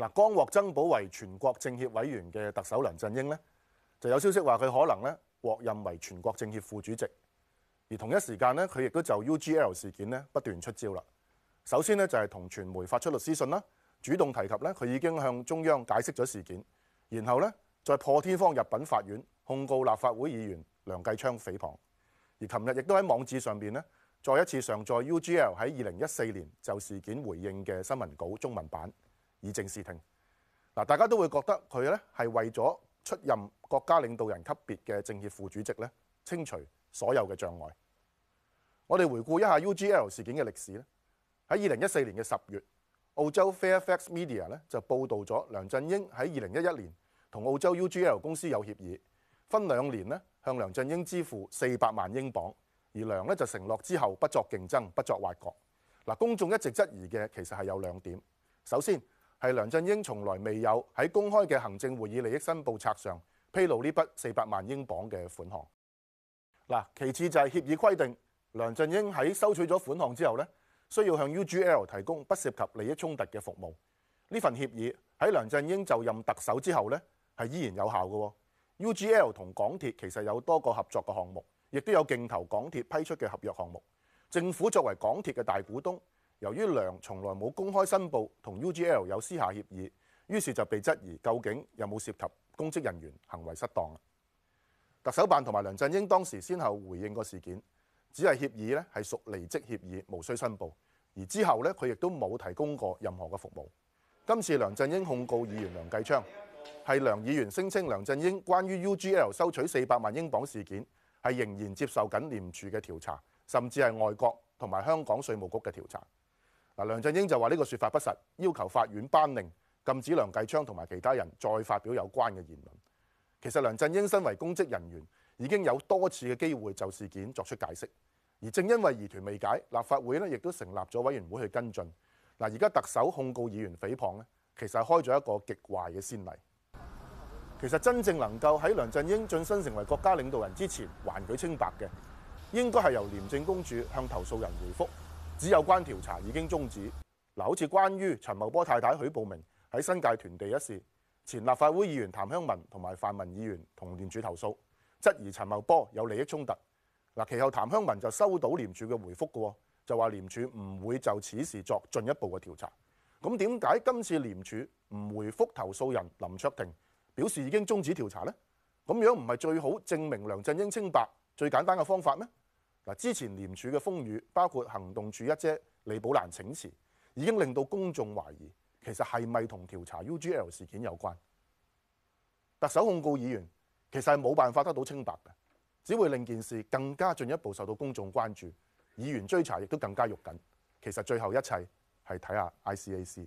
嗱，剛獲增補為全國政協委員嘅特首梁振英呢，就有消息話佢可能呢，獲任為全國政協副主席。而同一時間呢，佢亦都就 U G L 事件呢，不斷出招啦。首先呢，就係、是、同傳媒發出律師信啦，主動提及呢，佢已經向中央解釋咗事件。然後呢，再破天荒入稟法院控告立法會議員梁繼昌誹謗。而琴日亦都喺網誌上面呢，再一次上載 U G L 喺二零一四年就事件回應嘅新聞稿中文版。以正視聽，嗱，大家都會覺得佢咧係為咗出任國家領導人級別嘅政協副主席咧，清除所有嘅障礙。我哋回顧一下 UGL 事件嘅歷史咧，喺二零一四年嘅十月，澳洲 Fairfax Media 咧就報道咗梁振英喺二零一一年同澳洲 UGL 公司有協議，分兩年咧向梁振英支付四百萬英鎊，而梁咧就承諾之後不作競爭、不作挖角。嗱，公眾一直質疑嘅其實係有兩點，首先。係梁振英從來未有喺公開嘅行政會議利益申報冊上披露呢筆四百萬英鎊嘅款項。嗱，其次就係協議規定，梁振英喺收取咗款項之後咧，需要向 UGL 提供不涉及利益衝突嘅服務。呢份協議喺梁振英就任特首之後咧，係依然有效嘅。UGL 同港鐵其實有多個合作嘅項目，亦都有競投港鐵批出嘅合約項目。政府作為港鐵嘅大股東。由於梁從來冇公開申報同 UGL 有私下協議，於是就被質疑究竟有冇涉及公職人員行為失當。特首辦同埋梁振英當時先後回應過事件，只係協議咧係屬離職協議，無需申報。而之後咧，佢亦都冇提供過任何嘅服務。今次梁振英控告議員梁繼昌，係梁議員聲稱梁振英關於 UGL 收取四百萬英鎊事件係仍然接受緊廉署嘅調查，甚至係外國同埋香港稅務局嘅調查。梁振英就話呢個說法不實，要求法院頒令禁止梁繼昌同埋其他人再發表有關嘅言論。其實梁振英身為公職人員，已經有多次嘅機會就事件作出解釋，而正因為疑團未解，立法會呢亦都成立咗委員會去跟進。嗱，而家特首控告議員誹謗呢，其實係開咗一個極壞嘅先例。其實真正能夠喺梁振英晉身成為國家領導人之前還佢清白嘅，應該係由廉政公署向投訴人回覆。只有關調查已經中止。嗱，好似關於陳茂波太太許步明喺新界屯地一事，前立法會議員譚香文同埋泛民議員同廉署投訴，質疑陳茂波有利益衝突。嗱，其後譚香文就收到廉署嘅回覆嘅，就話廉署唔會就此事作進一步嘅調查。咁點解今次廉署唔回覆投訴人林卓廷，表示已經中止調查呢？咁樣唔係最好證明梁振英清白、最簡單嘅方法咩？嗱，之前廉署嘅風雨，包括行動處一姐李寶蘭請辭，已經令到公眾懷疑，其實係咪同調查 UGL 事件有關？特首控告議員，其實係冇辦法得到清白嘅，只會令件事更加進一步受到公眾關注，議員追查亦都更加肉緊。其實最後一切係睇下 ICAC。